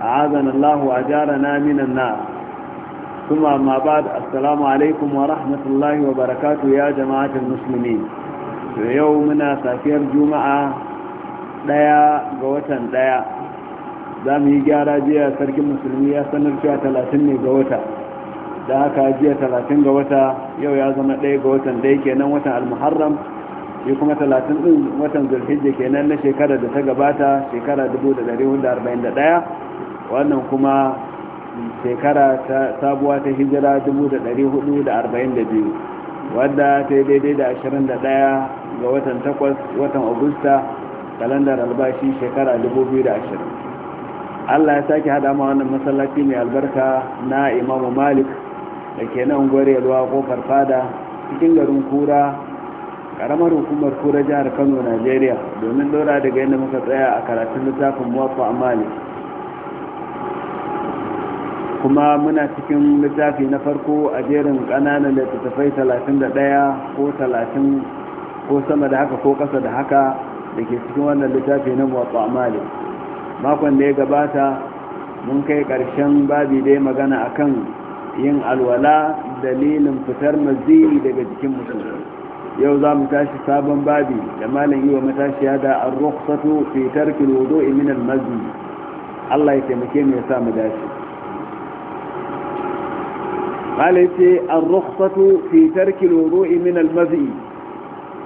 عاذنا الله أجارنا من النار ثم ما بعد السلام عليكم ورحمة الله وبركاته يا جماعة المسلمين يومنا ساكير جمعة ليا قوتاً ليا zan yi gyara jiya sarkin musulmi ya sanar cewa talatin ne ga wata da haka jiya talatin ga wata yau ya zama ɗaya ga watan da yake nan watan almuharram shi kuma talatin ɗin watan zulhijja kenan na shekara da ta gabata ɗaya. wannan kuma shekara ta sabuwa ta hijira 1442 wadda ta yi daidai da 21 ga watan 8 watan agusta kalandar albashi shekara 2020 allah ya sake hada ma wannan masallaci mai albarka na imamu malik da ke nan yalwa kofar fada cikin garin kura karamar hukumar kura jihar kano nigeria domin dora daga yadda muka tsaya a karatun littafin muwafa a malik kuma muna cikin littafi na farko a jerin ƙananan littattafai 31 ko 30 ko sama da haka ko ƙasa da haka da ke cikin wannan littafi na a malik makon da ya gabata mun kai ƙarshen babi dai magana a kan yin alwala dalilin fitar maziri daga jikin mutum yau za mu tashi sabon babi da malin yi wa ya da an rukhsatu fitar tarkil wudu'i min Allah ya taimake mu ya sa mu dace هل في الرخصة في ترك الوضوء من المزي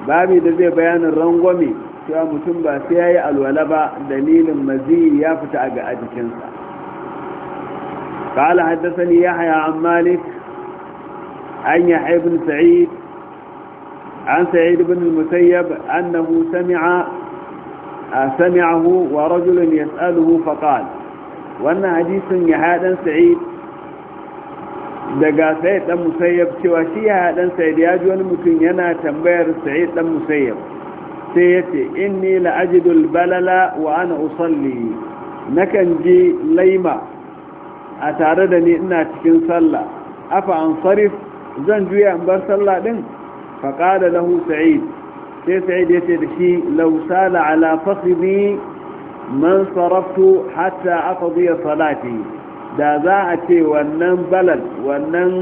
بابي ده بيان الرنغومي سوى تنبا سياي الولبا دليل المذي يافت أجا أجكنسا قال حدثني يحيى عن مالك عن يحيى بن سعيد عن سعيد بن المسيب أنه سمع آه، سمعه ورجل يسأله فقال وأن حديث يحيى سعيد daga sa'id dan musayyab cewa shi ya dan sa'id ya ji wani mutum yana tambayar sa'id dan musayyab sai yace inni la ajidu balala wa ana usalli nakan ji laima a tare da ni ina cikin sallah afa an sarif zan juya in bar sallah din fa qala lahu sa'id sai sa'id yace da shi law sala ala fasidi man saraftu hatta aqdi salati da za a ce wannan balal wannan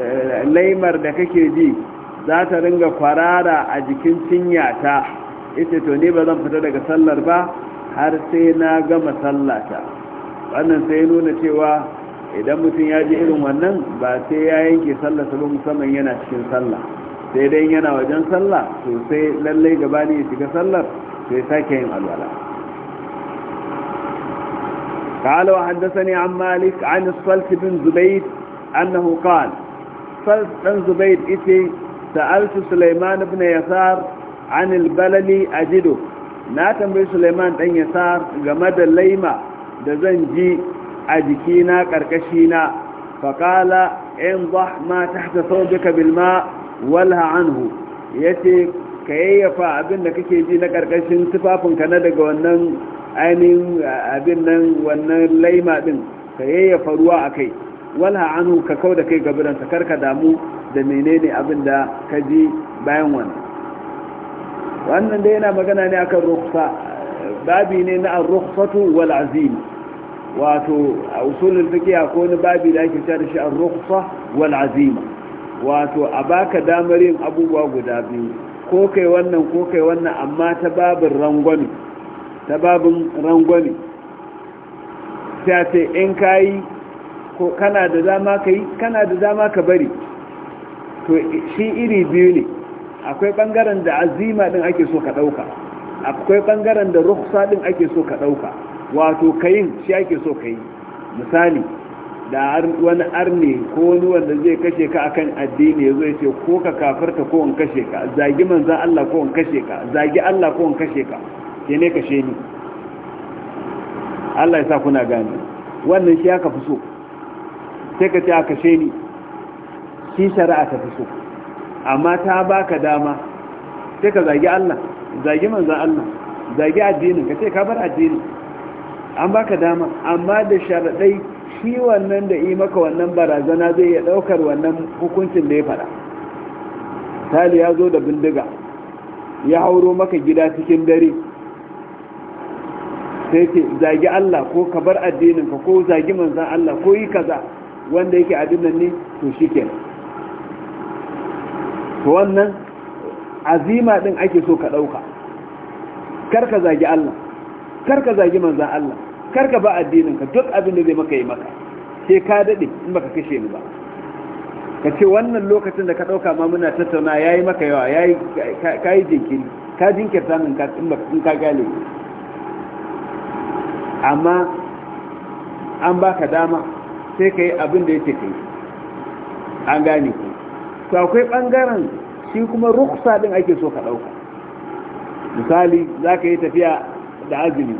eh, laimar da kake ji za ta ringa kwarara a jikin cinya ta ita to ne ba zan fita daga sallar ba har sai na gama sallata wannan sai nuna cewa idan mutum ya ji irin wannan ba sai ya yanke sallar ba musamman yana cikin sallar. sai dai yana wajen sallar, sosai lallai lallai gabani ya shiga sallar sai sake yin alwala قال وحدثني عن مالك عن الصلت بن زبيد أنه قال صلت بن زبيد إتي سألت سليمان بن يسار عن البلل أجده na tambayi suleiman ɗan yasar game da laima da zan ji a jikina ƙarƙashina faƙala in ba ma ta haka walha anhu yace. ka yayyafa abin da kake ji na ƙarƙashin tufafinka na daga wannan ainihin abin nan wannan laima ɗin ka yayyafa ruwa a kai wala anu ka kau da kai gabiran kar ka damu da menene abin da ka ji bayan wani. wannan dai yana magana ne akan ruksa babi ne na ar-rukhsatu wal azim wato a usulul fiqh ko wani babi da ake cewa shi ar-rukhsa wal azima wato a baka damar yin abubuwa guda biyu ko kai wannan ko kai wannan amma ta babin rangwani. ta babin rangwani. ta ce in ka yi ko kana da dama ka kana da dama ka bari to shi iri biyu ne akwai bangaren da azima ɗin ake so ka ɗauka akwai bangaren da rukhsa ɗin ake so ka ɗauka wato kayin shi ake so ka misali da wani arni ko wani wanda zai kashe ka akan addini ya zai ce ko ka kafarta ko in kashe ka zagi manzan Allah ko in kashe ka zagi Allah ko in kashe ka ke ne kashe ni Allah ya sa kuna gani wannan shi aka fi so sai ka ce a kashe ni shi shari'a ta fi so amma ta baka dama sai ka zagi Allah zagi manzan Allah zagi addinin ka ce ka bar addini an baka dama amma da sharaɗai shi wannan da yi maka wannan barazana zai iya daukar wannan hukuncin da ya fara tali ya zo da bindiga ya hauro maka gida cikin dare sai ce zagi Allah ko ka bar addininka ko zagi manzan Allah ko yi kaza wanda yake addinin ne to shi ke wannan azima din ake so ka dauka karka zagi Allah karka zagi manzan Allah karka ba addinin ka duk abin da zai maka yi maka sai ka dade in baka kashe ni ba ka ce wannan lokacin da ka dauka ma muna tattauna yayi maka yawa yayi kai jinkiri ka jinkirta min ka in baka in ka gale amma an baka dama sai kai abin da yake kai an gane ku to akwai bangaren shi kuma ruksa din ake so ka dauka misali zaka yi tafiya da azumi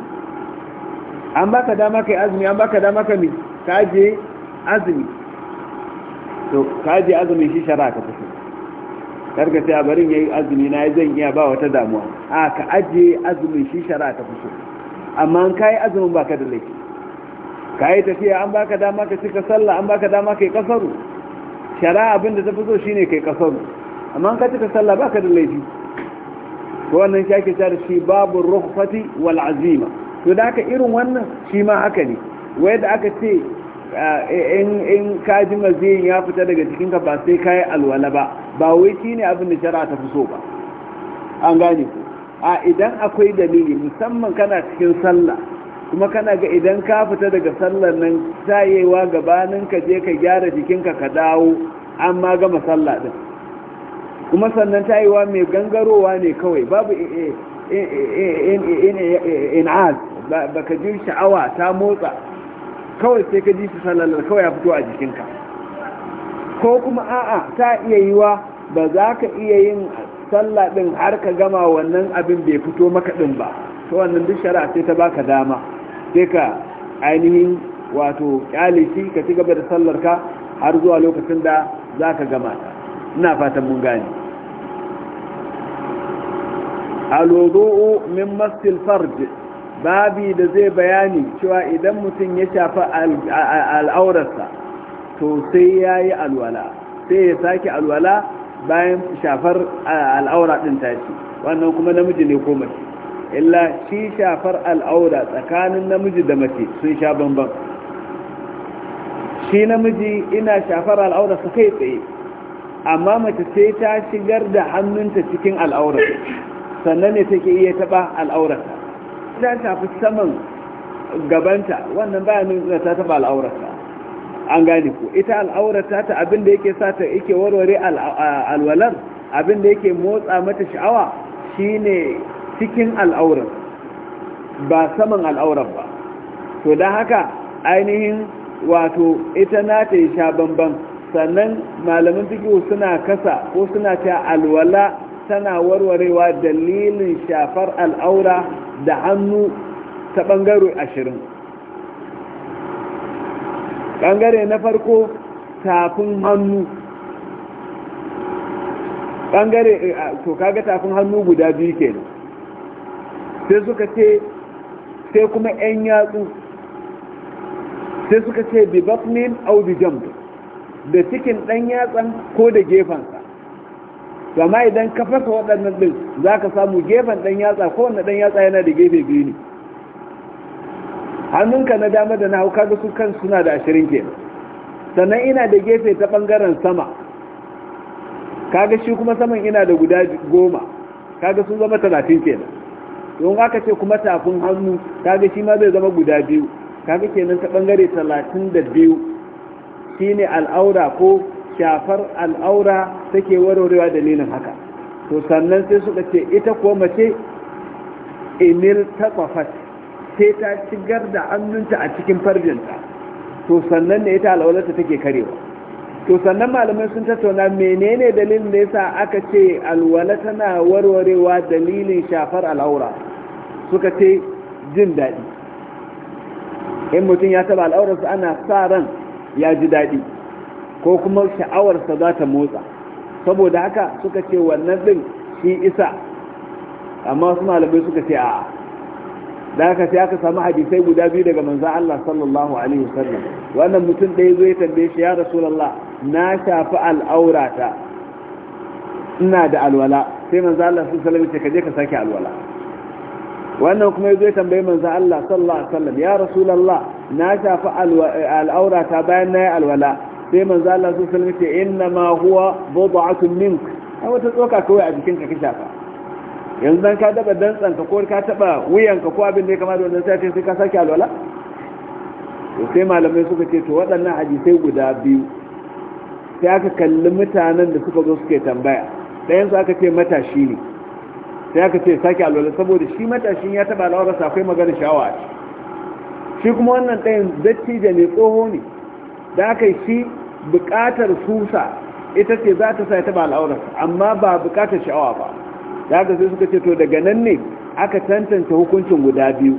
an baka dama kai azumi an baka dama ka mi ka je azumi to ka je azumi shi shara ka tafi karka sai a barin yayi azumi na zan iya ba wata damuwa a ka aje azumi shi shara ta fuso amma an kai azumin baka da laifi kai tafiya an baka dama ka cika sallah an baka dama kai kasaru shara abin da ta fuso shine kai kasaru amma an ka cika sallah baka da laifi Ko wannan shi ake cewa shi babu rukhsati wal azima to da aka irin wannan shi ma aka ne wai da aka ce in kaji maziyin ya fita daga cikinka ba sai kayi alwala ba ba wai shi ne abin da shara ta fi so ba an gane ku a idan akwai dalili musamman kana cikin sallah kuma kana ga idan ka fita daga sallar nan tayewa gabanin ka je ka gyara jikinka ka dawo an ma gama sallah din kuma sannan tayewa mai gangarowa ne kawai babu eh, eh, in'az ba ka ji sha'awa ta motsa kawai sai ka ji su sallallar kawai ya fito a jikinka ko kuma a'a ta iya yiwa ba za ka iya yin sallah din har ka gama wannan abin bai fito maka ba ta wannan duk shari'a sai ta baka dama sai ka ainihin wato kyalishi ka ci gaba da sallar ka har zuwa lokacin da za ka gama ina fatan mun gane alwudu min masil farj babi da zai bayani cewa idan mutum ya shafa al'aurarsa to sai ya yi alwala sai ya sake alwala bayan shafar al'aura ɗin tashi wannan kuma namiji ne ko mace illa shi shafar al'aura tsakanin namiji da mace sun sha bambam shi namiji ina shafar al'aurarsa kai tsaye amma mace sai ta shigar da hannunta cikin al'aurarsa sannan ne take iya taɓa al'aurata, idan ta fi saman gabanta wannan baya nuna ta taɓa al'aurata, an gane ku ita al'aurata ta abin da yake sata yake warware alwalar abin da yake motsa mata sha'awa shine cikin al'aura ba saman al'aurar ba to don haka ainihin wato ita na ta yi sha bambam sannan malamin fikihu suna kasa ko suna ta alwala tana warwarewa dalilin shafar al'aura da hannu ta ɓangare ashirin ɓangare na farko tafin hannu ɓangare to kaga tafin hannu guda biyu kenan sai suka ce sai kuma 'yan yatsu sai suka ce bi batnin au bi jamdu da cikin ɗan yatsan ko da gefansa Gama idan ka fasa waɗannan ɗin za ka samu gefen ɗan yatsa kowane ɗan yatsa yana da gefe biyu ne hannunka na dama da na hau kaga su kan suna da ashirin ke sannan ina da gefe ta ɓangaren sama kaga shi kuma saman ina da guda goma kaga sun zama talatin ke don aka ce kuma tafin hannu kaga shi ma zai zama guda biyu kaga kenan ta ɓangare talatin da biyu shine al'aura ko shafar al'aura take warwarewa dalilin haka to sannan sai suka ce ita ko mace inil taqafat sai ta shigar da annunta a cikin farjinta to sannan ne ita alwalarta take karewa to sannan malamai sun tattauna menene dalilin da yasa aka ce alwala tana warwarewa dalilin shafar al'aura suka ce jin daɗi in mutum ya taba al'aurarsa ana sa ran ya ji daɗi ko kuma sha'awarsa za ta motsa saboda haka suka ce wannan din shi isa amma wasu malamai suka ce a da haka sai aka samu hadisai guda biyu daga manzan Allah sallallahu alaihi wasallam wannan mutum ɗaya zo ya tambaye shi ya rasulullah na shafi al'aurata ina da alwala sai manzan Allah sallallahu alaihi wasallam ce ka je ka sake alwala wannan kuma yazo ya tambaye manzan Allah sallallahu alaihi wasallam ya rasulullah na shafi al'aurata bayan na yi alwala sai manzo Allah su sallama ce inna ma huwa bud'atun mink ai wata tsoka kawai a jikinka ka shafa yanzu dan ka daba dan tsanka ko ka taba wuyanka ko abin da ya kamata wannan sai sai ka sake alwala to sai malamai suka ce to waɗannan hadisai guda biyu sai aka kalli mutanen da suka zo suke tambaya ɗayan su aka ce matashi ne sai aka ce sake alwala saboda shi matashin ya taba alawar akwai magana shawa shi kuma wannan ɗayan dattijo ne tsoho ne da aka shi bukatar fusa ita ce za ta sa ta ba al'aurarsa amma ba bukatar sha'awa ba da aka sai suka ce to daga nan ne aka tantance hukuncin guda biyu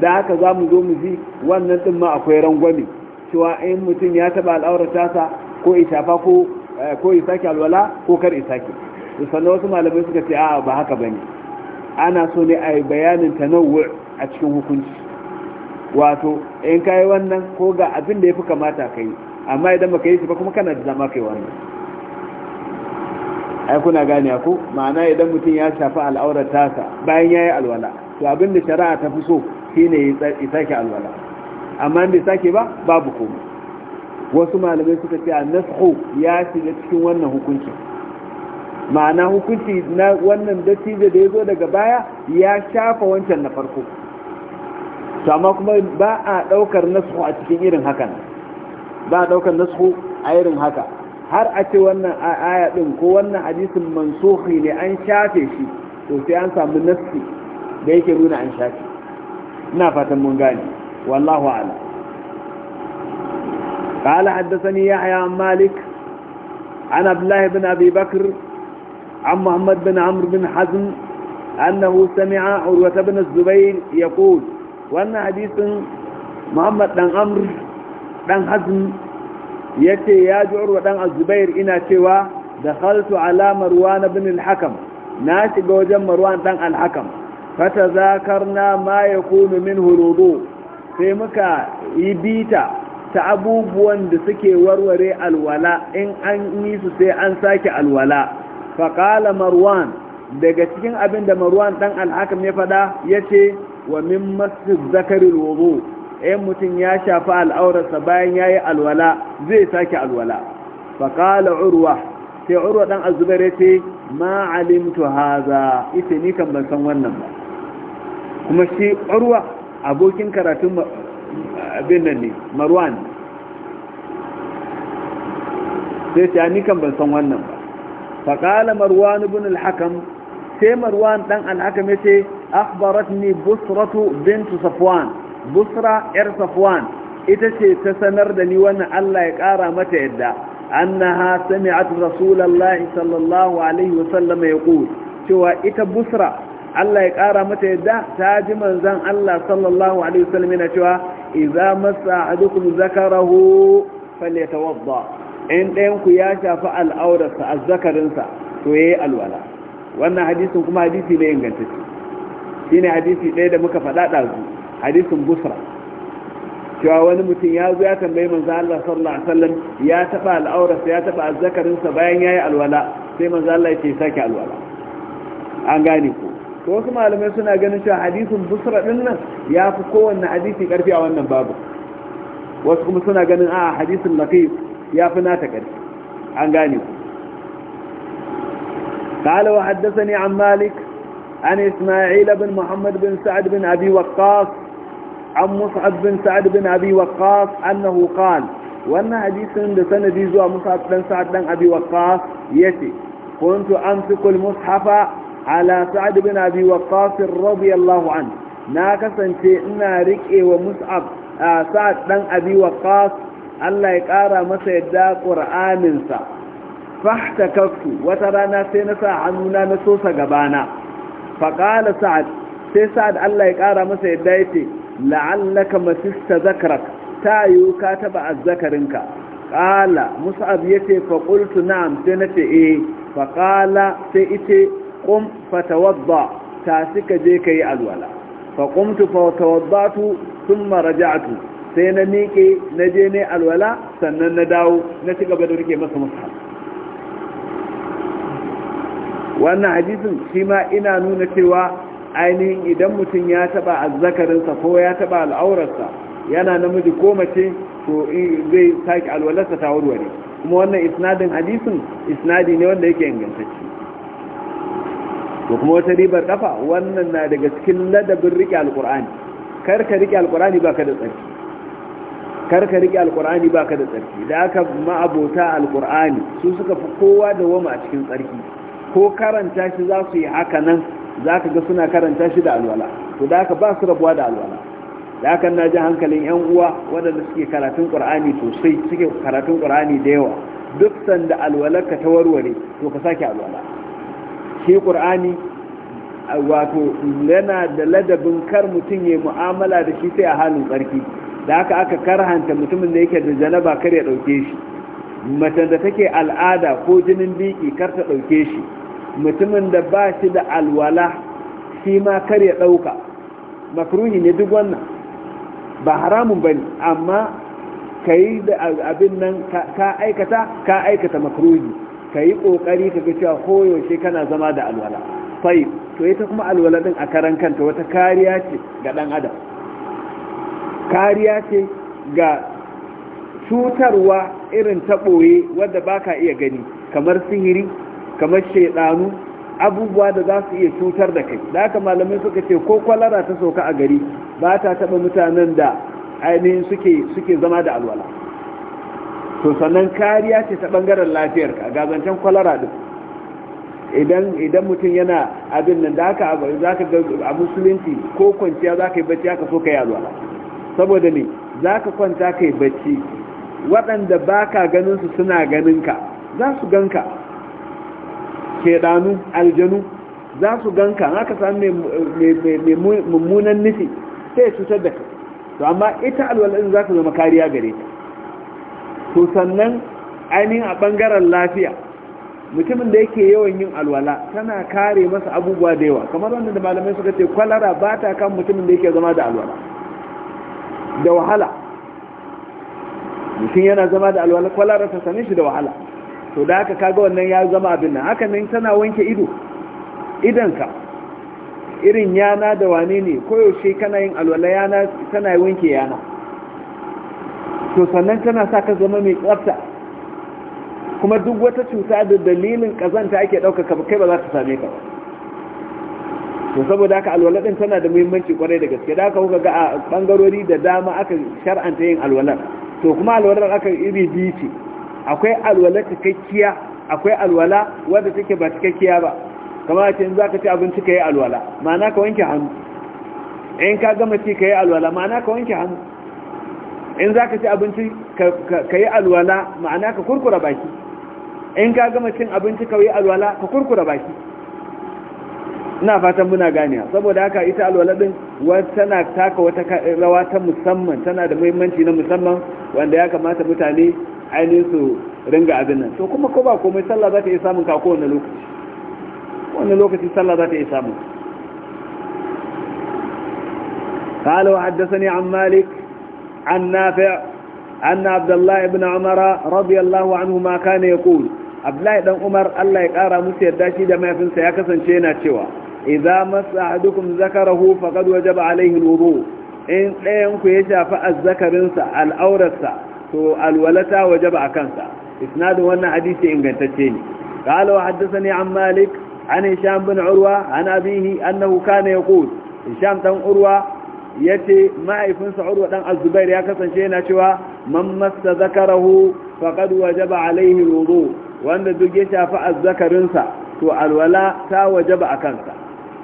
da aka za mu zo mu ji wannan din ma akwai rangwame cewa in mutum ya taɓa sa ko ishafa ko eh, ko isaki alwala ko kar isaki sannan wasu malamai suka ce a ba haka bane ana so ne a yi bayanin tanawur a cikin hukunci wato in ka yi wannan ko ga abin da ya fi kamata ka yi amma idan baka yi shi ba kuma kana da zama kai wannan ai kuna gane ku ma'ana idan mutum ya shafi al'aurar tasa bayan ya yi alwala to abin da shari'a ta fi so shine ya sake alwala amma bai sake ba babu komai wasu malamai suka ce a nasxu ya shiga cikin wannan hukunci ma'ana hukunci na wannan dattijo da ya zo daga baya ya shafa wancan na farko to amma kuma ba a daukar nasu a cikin irin hakan ba a daukar nasu a irin haka har a ce wannan aya din ko wannan hadisin mansuhi ne an shafe shi to sai an samu nassi da yake nuna an shafe ina fatan mun gane wallahu a'lam قال حدثني يحيى عن مالك عن عبد الله بن أبي بكر عن محمد بن عمرو بن حزم أنه سمع عروة بن الزبير يقول wannan hadisin muhammad dan amr dan hazm ya ce ya ji urwa dan azubair ina cewa da haltu alamar wani bin alhakam na shiga wajen marwan dan alhakam fata zakarna ma ya kunu min hurudu sai muka yi bita ta abubuwan da suke warware alwala in an yi su sai an sake alwala faƙala marwan daga cikin abin da marwan dan alhakam ya faɗa ya ce wa min masjid zakari wudu ɗayan eh, mutum ya shafa al'aurarsa bayan ya yi alwala zai sake alwala qala urwa sai urwa ɗan azubair yace ma alimtu haza ita ni kan ban san wannan ba kuma shi urwa abokin karatun abin nan ne marwan sai ta ni kan ban san wannan ba qala marwan ibn al-hakam sai marwan ɗan al-hakam yace ce akhbaratni busratu bint safwan busra yar safwan ita ce ta sanar da ni wannan Allah ya kara mata yadda annaha sami'at rasulullahi sallallahu alaihi wasallam yaqul cewa ita busra Allah ya kara mata yadda ta ji manzon Allah sallallahu alaihi wasallam yana cewa idza massa ahadukum zakarahu falyatawadda in ɗayan ku ya shafi al'aurarsa azzakarinsa to yayi alwala wannan hadisin kuma hadisi ne ingantacce ne hadisi ɗaya da muka faɗa ɗazu hadisin busra cewa wani mutum ya zo ya tambayi manzo Allah sallallahu alaihi wasallam ya taɓa al'aurarsa ya taɓa azzakarinsa bayan ya yi alwala sai manzo Allah ya ce sake alwala an gane ko to wasu malamai suna ganin cewa hadisin busra din nan ya fi kowanne hadisi karfi a wannan babu wasu kuma suna ganin a hadisin laqif ya fi nata karfi an gane ku قال وحدثني عن مالك عن إسماعيل بن محمد بن سعد بن أبي وقاص عن مصعب بن سعد بن أبي وقاص أنه قال وأن حديث لسند زوى مصعب بن سعد بن أبي وقاص يتي كنت أمسك المصحف على سعد بن أبي وقاص رضي الله عنه ناكسا شئنا ركئ ومصعب آه سعد بن أبي وقاص الله يقارى مسيدا قرآن سعد fahta kaftu wata rana sai na sa hannuna na sosa gabana faƙala sa'ad sai sa'ad Allah ya ƙara masa yadda ya la'allaka masista zakarak ta yiwu ka taɓa azzakarinka ƙala musa'ab ya ce faƙultu na'am sai na ce eh faƙala sai ita ƙum fatawadda ta suka je ka yi alwala faƙumtu fatawaddatu sun maraja'atu sai na miƙe na je ne alwala sannan na dawo na ci gaba da rike masa musa'ab wannan hadisin shi ma ina nuna cewa ainihin idan mutum ya taba azzakarinsa ko ya taba al'aurarsa yana namiji ko mace to zai sake alwalarsa ta warware kuma wannan isnadin hadisin isnadi ne wanda yake ingantacce to kuma wata ribar kafa wannan na daga cikin ladabin rike alkur'ani kar ka rike alkur'ani baka da tsarki kar rike alkur'ani baka da tsarki da aka ma'abota alkur'ani su suka fi kowa da wama a cikin tsarki ko karanta shi za su yi haka nan za ka ga suna karanta shi da alwala to da haka ba su rabuwa da alwala da haka na ji hankalin yan uwa waɗanda suke karatun ƙur'ani sosai suke karatun ƙur'ani da yawa duk sanda ka ta warware to ka sake alwala shi ƙur'ani wato yana da ladabin kar mutum ya mu'amala da shi sai a halin tsarki da haka aka karhanta mutumin da yake da janaba kar ya ɗauke shi macen da take al'ada ko jinin biki kar ta ɗauke shi mutumin da ba shi da alwala shi ma kar ya ɗauka makruhi ne duk wannan ba haramun ba ne amma ka yi da abin nan ka aikata ka aikata makruhi ka yi ƙoƙari ka ga cewa koyaushe kana zama da alwala fai to ita kuma alwala ɗin a karan kanta wata kariya ce ga ɗan adam kariya ce ga cutarwa irin taɓoye wadda ba ka iya gani kamar sihiri kamar shaidanu abubuwa da za su iya cutar da kai da haka malamai suka ce ko kwalara ta sauka a gari ba ta taɓa mutanen da ainihin suke suke zama da alwala to sannan kariya ce ta ɓangaren lafiyar ka gazancen kwalara din idan idan mutum yana abin nan da haka za ka a musulunci ko kwanciya za ka yi bacci haka so ka yi alwala saboda ne za ka kwanta ka yi bacci waɗanda ba ka ganin su suna ganin ka za su gan ka shedanu aljanu za su ganka haka sami mai mummunan nufi sai cutar da ka to amma ita alwalin za su zama kariya gare ta to sannan ainihin a ɓangaren lafiya mutumin da yake yawan yin alwala tana kare masa abubuwa da yawa kamar wanda da malamai suka ce kwalara ba ta kan mutumin da yake zama da alwala da wahala mutum yana zama da alwala kwalara ta same shi da wahala to da haka kaga wannan ya zama abin nan haka nan tana wanke ido idanka irin yana da wane ne koyaushe kana yin alwala yana tana wanke yana to sannan tana sa ka zama mai tsafta kuma duk wata cuta da dalilin kazanta ake ɗaukaka kai ba za ta same ka to saboda haka alwala din tana da muhimmanci kwarai da gaske da haka kuka ga a bangarori da dama aka shar'anta yin alwalar to kuma alwalar aka iri biyu ce akwai alwala cikakkiya akwai alwala wadda take ba cikakkiya ba kamar ce in za ka ci abinci ka yi alwala ma'ana ka wanke hannu in ka gama ci ka yi alwala ma'ana ka wanke hannu in za ka ci abinci ka yi alwala ma'ana ka kurkura baki in ka gama cin abinci ka yi alwala ka kurkura baki ina fatan muna gani saboda haka ita alwala din tana taka wata rawa ta musamman tana da muhimmanci na musamman wanda ya kamata mutane ainihin su ringa abin nan to kuma ko ba komai sallah za ta iya samun ka kowane lokaci wani lokaci sallah za ta iya samun قال وحدثني عن مالك عن نافع أن عبد الله بن عمر رضي الله عنهما كان يقول عبد الله بن عمر الله يقارى موسى الداشي دما يفن سيكسا شينا شوى إذا مس أحدكم ذكره فقد وجب عليه الوضوء إن لا ينكو shafa الذكر الأورث to alwalata wajaba a kansa isnadin wannan hadisi ingantacce ne قال وحدثني عن مالك عن هشام بن عروة عن أبيه أنه كان يقول هشام بن عروة يتي ما يفنس عروة بن الزبير يا كسن شينا شوى من مس ذكره فقد وجب عليه الوضوء وأن الدجي شافع الذكر انسى والولاء تا وجب أكنسى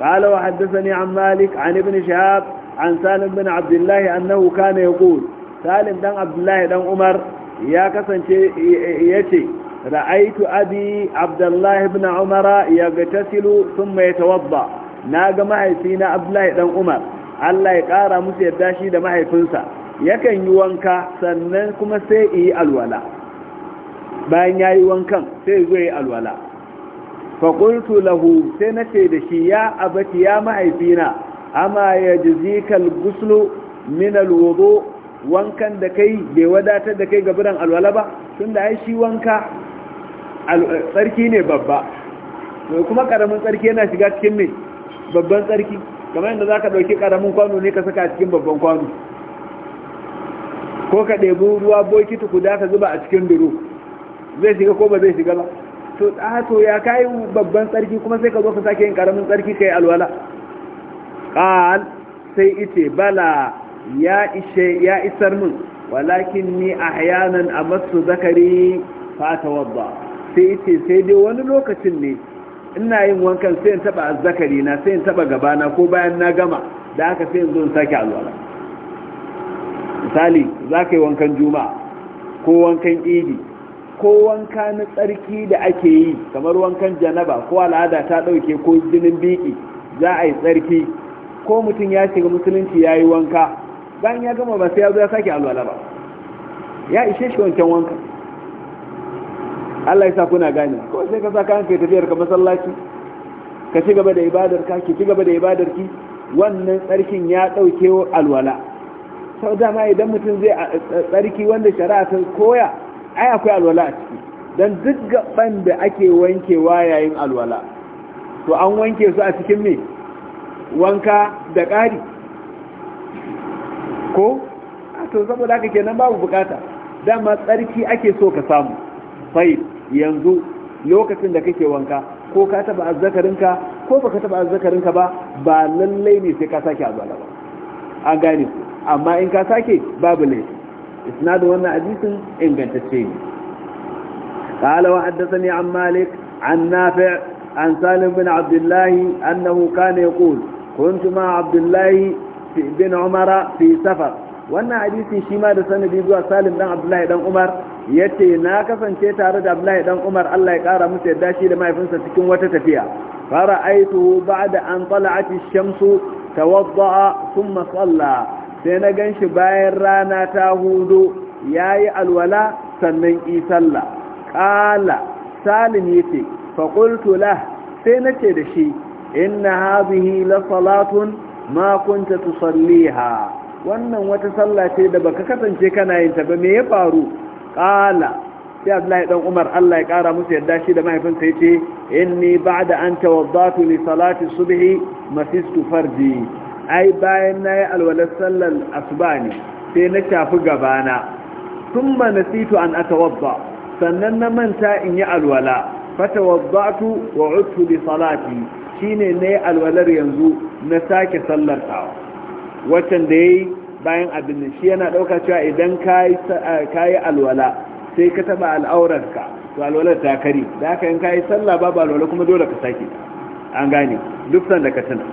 قال وحدثني عن مالك عن ابن شهاب عن سالم بن عبد الله أنه كان يقول salim dan abdullahi dan umar ya kasance ya ce ra'aitu abi abdullahi ibn umara ya gatasilu sun mai tawabba na ga mahaifina abdullahi dan umar allah ya ƙara musu yadda shi da mahaifinsa yakan yi wanka sannan kuma sai yi alwala bayan ya yi wankan sai zai yi alwala faƙultu lahu sai na ce da shi ya abati ya mahaifina amma ya jizikal guslu min alwudu wankan da kai bai wadatar da kai gaburan alwala ba tun da shi wanka eh, tsarki ne babba mai kuma karamin tsarki yana shiga cikin mai babban tsarki kamar yadda za ka ɗauki karamin kwano ne ka saka cikin babban kwano ko ka ɗebi ruwa bokiti da ka zuba a cikin duro zai shiga ko ba zai shiga ba to ah, to ya kayi babban tsarki kuma sai ka zo ka sake yin karamin tsarki ka yi alwala ƙal sai ice bala ya ishe ya isar min walakin ni ahyanan amassu zakari fa tawadda sai ce sai dai wani lokacin ne ina yin wankan sai in taba azzakari na sai in taba gabana ko bayan na gama da haka sai in zo in sake alwala misali za yi wankan juma'a ko wankan idi ko wanka na tsarki da ake yi kamar wankan janaba ko al'ada ta ɗauke ko jinin biki za a yi tsarki ko mutum ya shiga musulunci ya yi wanka bayan ya gama ba sai ya zo ya sake alwala ba ya ishe shi wancan wanka Allah ya sa kuna gane ko sai ka sa kayan ka tafiyar ka masallaci ka ci gaba da ibadar ka ki ci gaba da ibadar ki wannan tsarkin ya dauke alwala sau dama idan mutum zai tsarki wanda shari'a ta koya ai akwai alwala a ciki dan duk gaban da ake wankewa yayin alwala to an wanke su a cikin me wanka da ƙari ko a to saboda haka kenan babu bukata dama tsarki ake so ka samu fai yanzu lokacin da kake wanka ko ka taba azzakarinka ko baka taba azzakarinka ba ba lallai ne sai ka sake azwala ba an gane amma in ka sake babu isna da wannan hadisin ingantacce ne قال وحدثني عن مالك عن نافع عن سالم بن عبد الله أنه كان يقول كنت مع عبد الله bin umara fi safar wannan hadisi shi ma da sanadi zuwa salim dan abdullahi dan umar yace na kasance tare da abdullahi dan umar Allah ya kara musu yadda shi da mahaifinsa cikin wata tafiya fara ba da an tala'ati shamsu tawadda'a sun salla sai na gan shi bayan rana ta hudu yayi alwala sannan isalla sallah qala salim yace ce, qultu lah sai nace da shi inna hadhihi la salatun ma kunta tusalliha wannan wata sallah ce da baka kasance kana yin ta ba me ya faru qala sai Abdullahi dan Umar Allah ya kara musu yadda shi da mahaifinsa yace inni ba'da an tawaddatu li salati subhi masistu farji ai bayan nayi alwala sallar asuba ne sai na tafi gabana thumma nasitu an atawadda sannan na manta in yi alwala fatawaddatu wa udtu li salati shine ne alwalar yanzu na sake sallar tawa watan da yayi bayan abin shi yana ɗauka cewa idan kai kai alwala sai ka taba al'aurarka to alwalar ta kare da haka in kai sallah babu alwala kuma dole ka sake an gane duk san da ka tana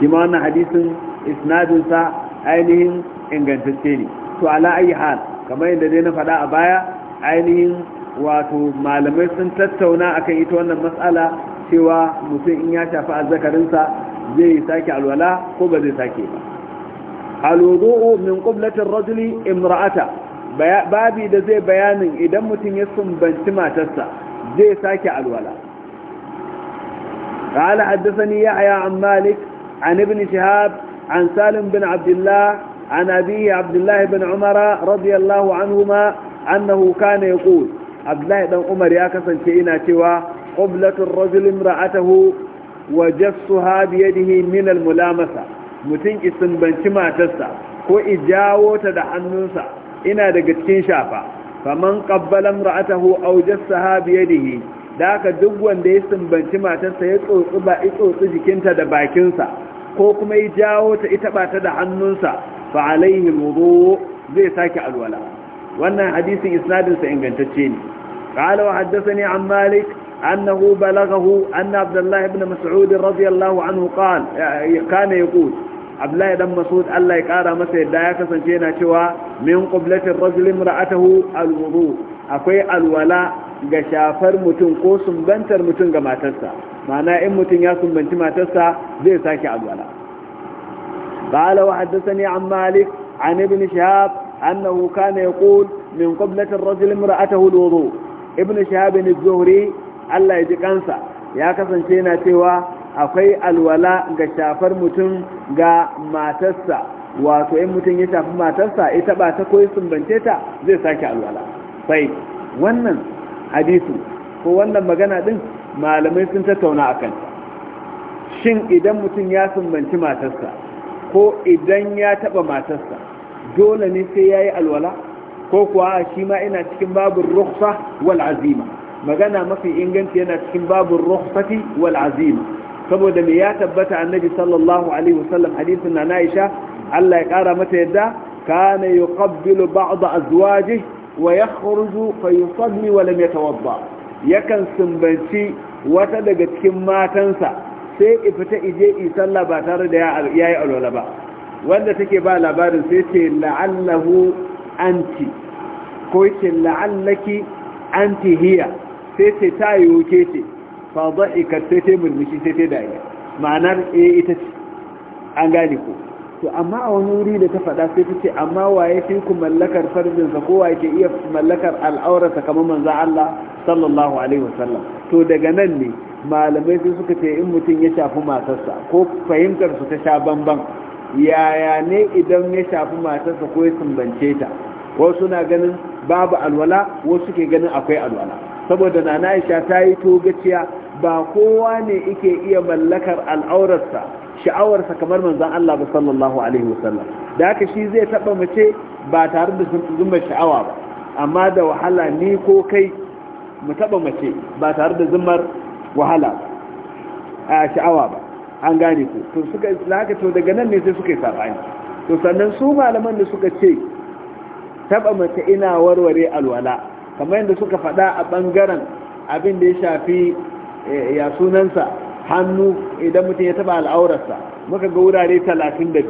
shi wannan hadisin isnadinsa sa ainihin ingantacce ne to ala ayi hal kamar yadda dai na faɗa a baya ainihin wato malamai sun tattauna akan ita wannan matsala cewa mutum in ya shafi azzakarinsa zai sake alwala ko ba zai sake ba alwudu'u min qiblatir rajuli imra'ata babi da zai bayanin idan mutum ya sumbanci matarsa zai sake alwala قال حدثني يحيى عن مالك عن ابن شهاب عن سالم بن عبد الله عن أبيه عبد الله بن عمر رضي الله عنهما أنه كان يقول عبد الله بن عمر يا كسن شئنا قبلة الرجل امرأته وجفسها بيده من الملامسة متين استنبنش ما تسا كو إجاوة دحننسا إنا دقتكين شافا فمن قبل امرأته أو جفسها بيده daka duk wanda ya sumbanci matarsa ya tsotsi ba ya tsotsi jikinta da bakinsa ko kuma ya jawo ta ita bata da hannunsa fa alaihi wudu zai sake alwala wannan hadisin isnadinsa ingantacce ne qala wa haddathani an malik أنه بلغه أن عبد الله بن مسعود رضي الله عنه قال كان يقول عبد الله بن مسعود الله يقارى مسعود لا يكسنشينا شوى من قبلة الرجل امرأته الوضوء أقوي الولاء ga shafar mutum ko sumbantar mutum ga matarsa ma'ana in mutum ya sumbanci matarsa zai sake alwala qala wa haddathani an malik an ibn shihab annahu kana yaqul min qiblati ar-rajul imra'atahu al-wudu ibn shihab az-zuhri Allah ya ji kansa ya kasance yana cewa akwai alwala ga shafar mutum ga matarsa wato in mutum ya shafi matarsa ita ba ta koyi sumbance ta zai sake alwala sai wannan hadisu ko wannan magana din malamai sun tattauna a kanta shin idan mutum ya sumbanci matarsa ko idan ya taba matarsa dole ne sai ya yi alwala ko kuwa shi ma ina cikin babin rukfa wal azima magana mafi inganci yana cikin babu rukhsati wal azim saboda me ya tabbata annabi sallallahu alaihi wasallam hadisin na Aisha Allah ya kara mata yadda kana yuqabbilu ba'd azwajihi wa yakhruju fa yusalli wa lam yatawadda yakan sunbanci wata daga cikin matansa sai ifita ije yi sallah ba tare da yayi alwala ba wanda take ba labarin sai ce la'allahu anti ko ce la'allaki anti hiya sai ce ta yi ke ce fa ikar sai ce murmushi sai ce dariya ma'anar eh ita ce an gane ko to amma a wani wuri da ta faɗa sai ta ce amma waye fi ku mallakar farjinsa ko waye ke iya mallakar al'aurarsa kamar manzan Allah sallallahu alaihi wasallam to daga nan ne malamai sai suka ce in mutum ya shafi matarsa ko fahimtar su ta sha bamban yaya ne idan ya shafi matarsa ko ya sumbance ta wasu na ganin babu alwala wasu ke ganin akwai alwala saboda nana aisha ta yi togaciya ba kowa ne ike iya mallakar al'aurarsa sha'awarsa kamar manzan Allah ba sallallahu alaihi wasallam da haka shi zai taba mace ba tare da zumba sha'awa ba amma da wahala ni ko kai mu taba mace ba tare da zumar wahala a sha'awa ba an gane ku to suka laka to daga nan ne sai suka yi sabani to sannan su malaman da suka ce taba mace ina warware alwala kamar yadda suka faɗa a bangaren abin da ya shafi eh, ya sunansa hannu idan mutum ya taba al'aurarsa muka ga wurare 32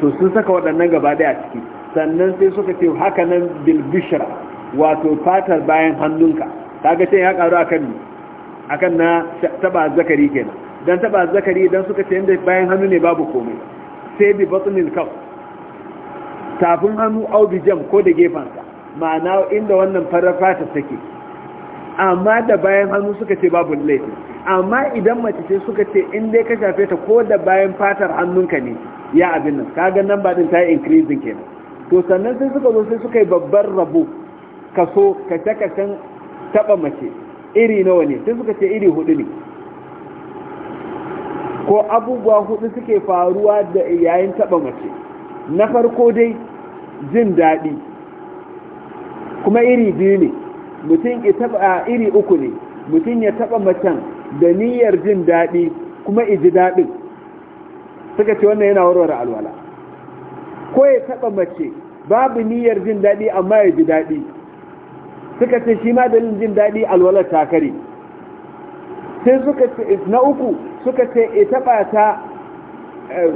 to sun saka waɗannan gaba ɗaya a ciki sannan sai suka ce haka nan bilbishira wato fatar bayan hannunka Ta ga ce ya karu akan akan na taɓa zakari kenan dan taɓa zakari idan suka ce inda bayan hannu ne babu komai sai bi batnil kaf tafin hannu au jam ko da gefansa ma'ana inda wannan farar ta take amma da bayan hannu suka ce babu laifi amma idan mace ce suka ce in dai ka shafe ta ko da bayan fatar hannunka ne ya abin nan kaga nan ba din ta yi increasing kenan to sannan sai suka zo sai suka yi babbar rabo kaso kace-kacen taba mace iri nawa ne sai suka ce iri hudu ne ko abubuwa hudu suke faruwa da yayin taba mace na farko dai jin daɗi kuma iri biyu ne mutum ya taba iri uku ne mutum ya taba macen da niyyar jin daɗi kuma iji daɗin suka ce wannan yana warware alwala ko ya taba mace babu niyyar jin daɗi amma ya ji daɗi suka ce shi ma dalilin jin daɗi alwalar ta kare sai suka ce na uku suka ce ya taba ta eh,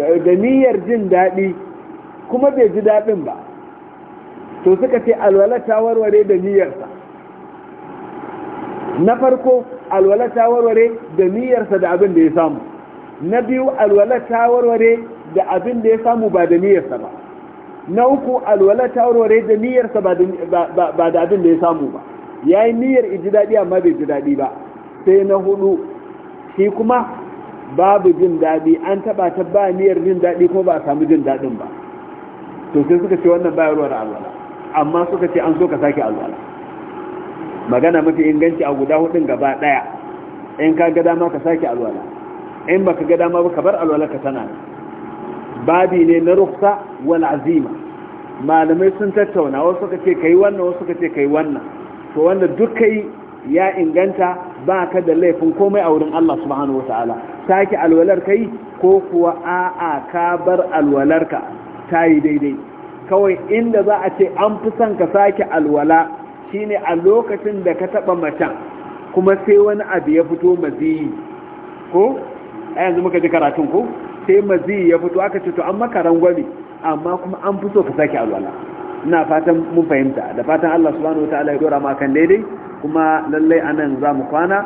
eh, da niyyar jin daɗi kuma bai ji daɗin ba to suka ce alwala ta warware da niyyarsa na farko alwala ta warware da niyyarsa da abin da ya samu na biyu alwala ta warware da abin da ya samu ba da niyyarsa ba na uku alwala ta warware da niyyarsa ba da abin da ya samu ba ya yi niyyar iji daɗi amma bai ji daɗi ba sai na hudu shi kuma babu jin daɗi an taɓa ta ba niyyar jin daɗi ko ba a samu jin daɗin ba to sai suka ce wannan bayarwar alwala amma suka ce an zo ka sake alwala magana mafi inganci a guda hudun gaba daya in ka ga dama ka sake alwala in baka ga dama ba ka bar alwala ka tana babi ne na rufsa wal azima malamai sun tattauna wasu suka ce kai wannan wasu suka ce kai wannan to wanda duk kai ya inganta ba ka da laifin komai a wurin Allah subhanahu wa ta'ala sake alwalar kai ko kuwa a'a ka bar alwalarka ta yi daidai kawai inda za a ce an fi son ka sake alwala shine a lokacin da ka taba macen kuma sai wani abu ya fito maziyi ko a yanzu muka ji karatun ko sai maziyi ya fito aka ce to an maka rangwami amma kuma an fi so ka sake alwala ina fatan mun fahimta da fatan Allah subhanahu wataala ya dora ma kan daidai kuma lallai anan za mu kwana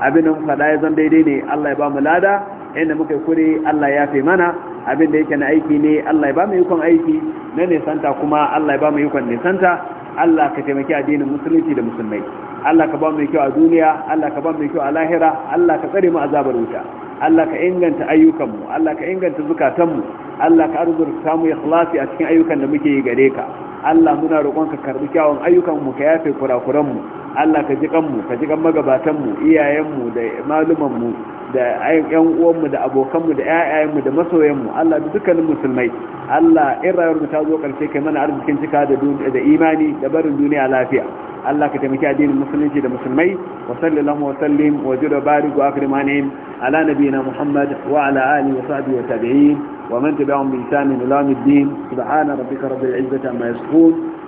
abin da muka faɗa ya zan daidai ne Allah ya ba mu lada inda muka yi kure Allah ya fi mana abin da yake na aiki ne Allah ya ba mu ikon aiki na nisanta kuma Allah ya ba mu ikon nisanta Allah ka taimaki addinin musulunci da musulmai Allah ka ba mu kyau a duniya Allah ka ba mu kyau a lahira Allah ka tsare mu azabar wuta Allah ka inganta ayyukanmu Allah ka inganta zukatanmu Allah ka arzurta mu ikhlasi a cikin ayyukan da muke yi gare ka Allah muna roƙon ka karbi kyawun ayyukanmu ka yafe kurakuranmu Allah ka ji kanmu ka ji kan magabatanmu iyayenmu da malumanmu da yan uwanmu da abokanmu da yayayenmu da masoyanmu Allah da dukkanin musulmai Allah in rayuwar ta zo karshe kai mana arzikin cika da da imani da barin duniya lafiya Allah ka taimaki addinin musulunci da musulmai wa sallallahu wa sallim wa jira barik wa akrimanihim ala nabiyina Muhammad wa ala alihi wa sahbihi wa tabi'in ومن تبعهم بإنسان إلام الدين سبحان ربك رب العزة عما يصفون